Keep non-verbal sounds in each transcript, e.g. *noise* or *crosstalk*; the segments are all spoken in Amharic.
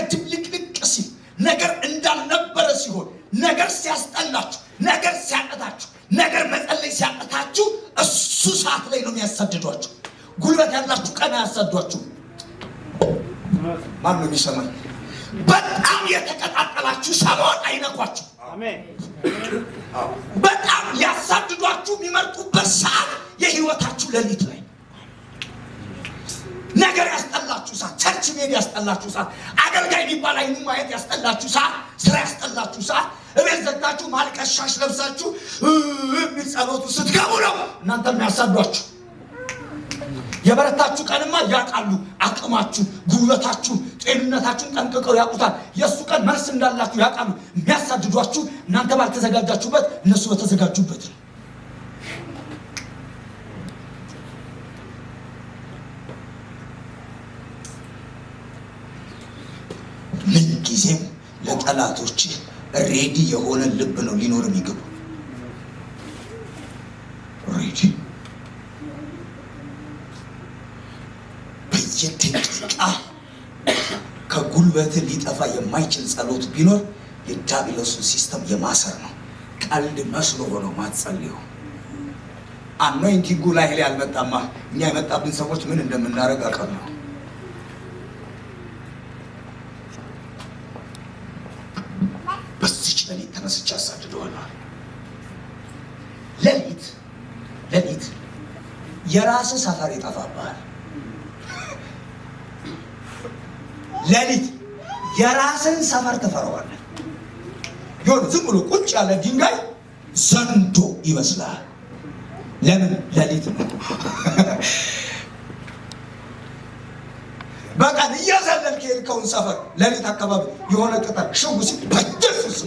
ነገር ሲል ነገር እንዳልነበረ ሲሆን ነገር ሲያስጠላችሁ፣ ነገር ሲያቅታችሁ፣ ነገር መጸለይ ሲያቀታችሁ እሱ ሰዓት ላይ ነው የሚያሳድዷችሁ። ጉልበት ያላችሁ ቀን አያሳዷችሁ። ማን ነው የሚሰማኝ? በጣም የተቀጣጠላችሁ ሰሞን አይነኳችሁ። በጣም ሊያሳድዷችሁ የሚመርጡበት ሰዓት የህይወታችሁ ሌሊት ላይ ነገር ያስጠላችሁ ሰዓት፣ ቸርች ሜድ ያስጠላችሁ ሰዓት የሚባል አይኑ ማየት ያስጠላችሁ ሰዓት፣ ስራ ያስጠላችሁ ሰዓት፣ እቤት ዘግታችሁ ማልቀስ ሻሽ ለብሳችሁ የሚል ጸሎቱ ስትገቡ ነው እናንተ የሚያሳዷችሁ። የበረታችሁ ቀንማ ያውቃሉ። አቅማችሁ፣ ጉልበታችሁ፣ ጤንነታችሁን ጠንቅቀው ያውቁታል። የእሱ ቀን መልስ እንዳላችሁ ያውቃሉ። የሚያሳድዷችሁ እናንተ ባልተዘጋጃችሁበት፣ እነሱ በተዘጋጁበት ነው። ጊዜም ለጠላቶች ሬዲ የሆነ ልብ ነው ሊኖር የሚገቡ ሬዲ በየደቂቃ ከጉልበት ሊጠፋ የማይችል ጸሎት ቢኖር የዲያብሎስን ሲስተም የማሰር ነው። ቀልድ መስሎ ሆኖ ማትጸልዩ አኖይንቲንጉ ላይ ያልመጣማ እኛ የመጣብን ሰዎች ምን እንደምናደርግ አቀብ ነው። ተነስቼ አሳድደዋለሁ። ሌሊት ሌሊት የራስ ሰፈር ይጠፋብሃል። ሌሊት የራስን ሰፈር ትፈረዋለህ። የሆነ ዝም ብሎ ቁጭ ያለ ድንጋይ ዘንዶ ይመስላል። ለምን ሌሊት ነው። *laughs* በቀን እያዘለልክ የሄድከውን ሰፈር ሌሊት አካባቢ የሆነ ቅጠል ሽጉ ሲ በጀሱስ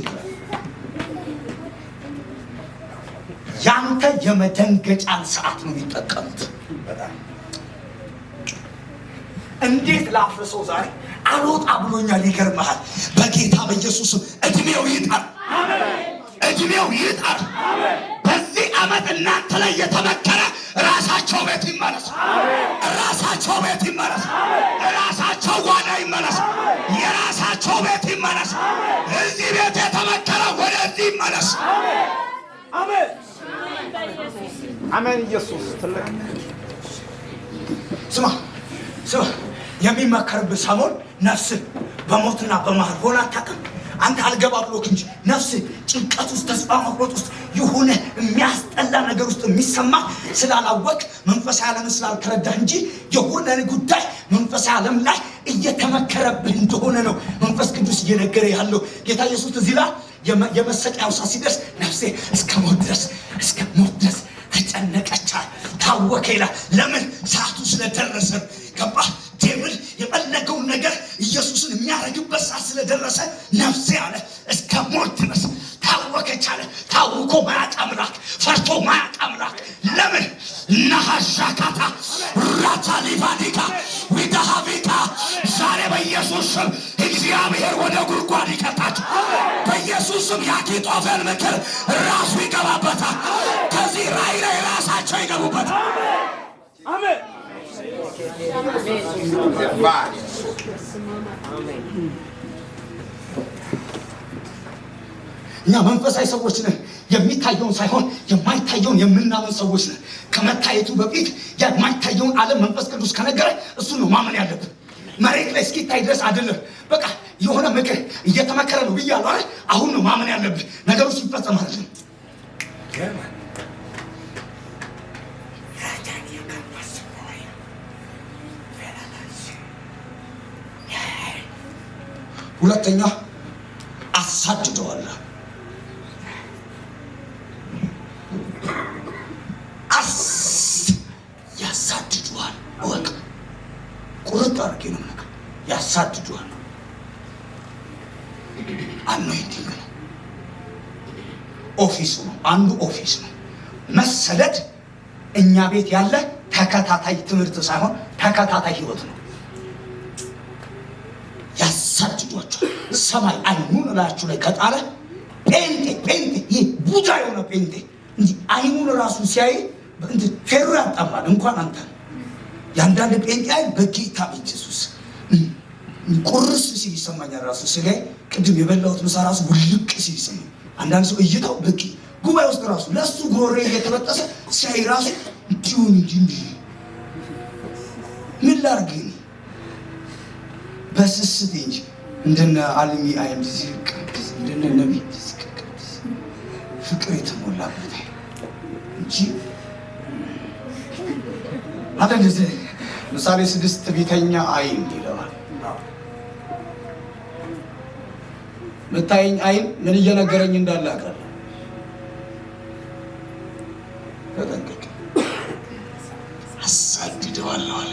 ያንተ የመደንገጫን ሰዓት ነው የሚጠቀሙት። እንዴት ላፍርሰው ዛሬ አልወጣ ብሎኛል። ይገርምሃል። በጌታ በኢየሱስ እድሜው ይጣል፣ እድሜው ይጣል። በዚህ ዓመት እናንተ ላይ የተመከረ ራሳቸው ቤት ይመለስ፣ ራሳቸው ቤት ይመለስ፣ ራሳቸው ጓዳ ይመለስ፣ የራሳቸው ቤት ይመለስ። እዚህ ቤት የተመከረ ወደዚህ ይመለስ። አሜን። አሜን። ኢየሱስ ትልቅ ስማ ስማ፣ የሚመከርብህ ሰሞን ነፍስህ በሞትና በመሀል ሆነ አታውቅም። አንተ አልገባ ብሎክ እንጂ ነፍስህ ጭንቀት ውስጥ፣ ተስፋ መቁረጥ ውስጥ የሆነ የሚያስጠላ ነገር ውስጥ የሚሰማ ስላላወቅ መንፈሳዊ ዓለም ስላልተረዳህ እንጂ የሆነ ጉዳይ መንፈሳዊ ዓለም ላይ እየተመከረብህ እንደሆነ ነው መንፈስ ቅዱስ እየነገረ ያለው ጌታ ኢየሱስ እዚህ ላይ የመሰቀያው ሰዓት ሲደርስ ነፍሴ እስከ ሞት ድረስ እስከ ሞት ታወከ ይላል። ለምን ሰዓቱ ስለደረሰ ገባ። ዴብል የፈለገውን ነገር ኢየሱስን የሚያደርግበት ሰዓት ስለደረሰ ነፍሴ አለ እስከ ሞት ድረስ ታወከች አለ። ታውኮ አምላክ፣ ፈርቶ ማያውቅ አምላክ። ለምን ናሃሻካታ ራታ ሊባዲካ ዊዳሃቢታ ዛሬ በኢየሱስ ስም እግዚአብሔር ወደ ጉድጓድ በኢየሱስ ስም ያጌጧፈል ምክር ራሱ ይገባበታል። ከዚህ ራይ ላይ ራሳቸው ይገቡበታል። አሜን። እኛ መንፈሳዊ ሰዎች ነን። የሚታየውን ሳይሆን የማይታየውን የምናምን ሰዎች ነን። ከመታየቱ በፊት የማይታየውን ዓለም መንፈስ ቅዱስ ከነገረ እሱ ነው ማመን ያለብን። መሬት ላይ እስኪታይ ድረስ አይደለም። በቃ የሆነ ምክር እየተመከረ ነው ብያለሁ። አረ አሁን ነው ማመን ያለብህ ነገሩ ሲፈጸም አይደለም። ሁለተኛ አሳድደዋለሁ ያሳድዷል። አኖይንቲንግ ነው፣ ኦፊስ ነው፣ አንዱ ኦፊስ ነው። መሰደድ እኛ ቤት ያለ ተከታታይ ትምህርት ሳይሆን ተከታታይ ህይወት ነው። ያሳድዷቸዋል። ሰማይ አይኑን እላችሁ ላይ ከጣለ ጴንጤ ጴንጤ ይህ ቡዳ የሆነ ጴንጤ እንጂ አይኑን ራሱ ሲያይ እንትን ፌሮ ያጣማል። እንኳን አንተ የአንዳንድ ጴንጤ አይ በጌታ በኢየሱስ ቁርስ ሲል ይሰማኛል። ራሱ ስጋ ቅድም የበላሁት ምሳ ራሱ ውልቅ ሲል ይሰማኛል። አንዳንድ ሰው እይታው በቂ ጉባኤ ውስጥ ራሱ ለሱ ጉሮሬ እየተበጠሰ ሲያይ ራሱ እንዲሁን እንዲ ምን ላርግ በስስት እንጂ እንደነ አልሚ አይም ዝቅ እንደነ ነቢ ዝቅ ፍቅር የተሞላበት እንጂ አለ ምሳሌ ስድስት ቤተኛ አይን ይለዋል። መታየኝ አይን ምን እየነገረኝ እንዳለ አቃለ። ተጠንቀቅ፣ አሳድደዋለሁ አለ።